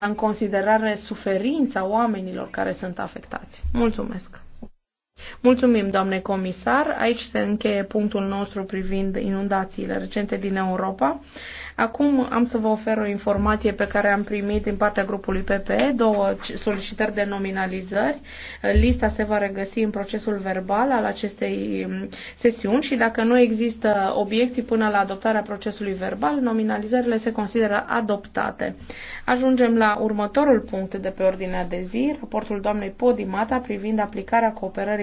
în considerare suferința oamenilor care sunt afectați. Mulțumesc! Mulțumim, doamne comisar. Aici se încheie punctul nostru privind inundațiile recente din Europa. Acum am să vă ofer o informație pe care am primit din partea grupului PPE, două solicitări de nominalizări. Lista se va regăsi în procesul verbal al acestei mm, sesiuni și dacă nu există obiecții până la adoptarea procesului verbal, nominalizările se consideră adoptate. Ajungem la următorul punct de pe ordinea de zi, raportul doamnei Podimata privind aplicarea cooperării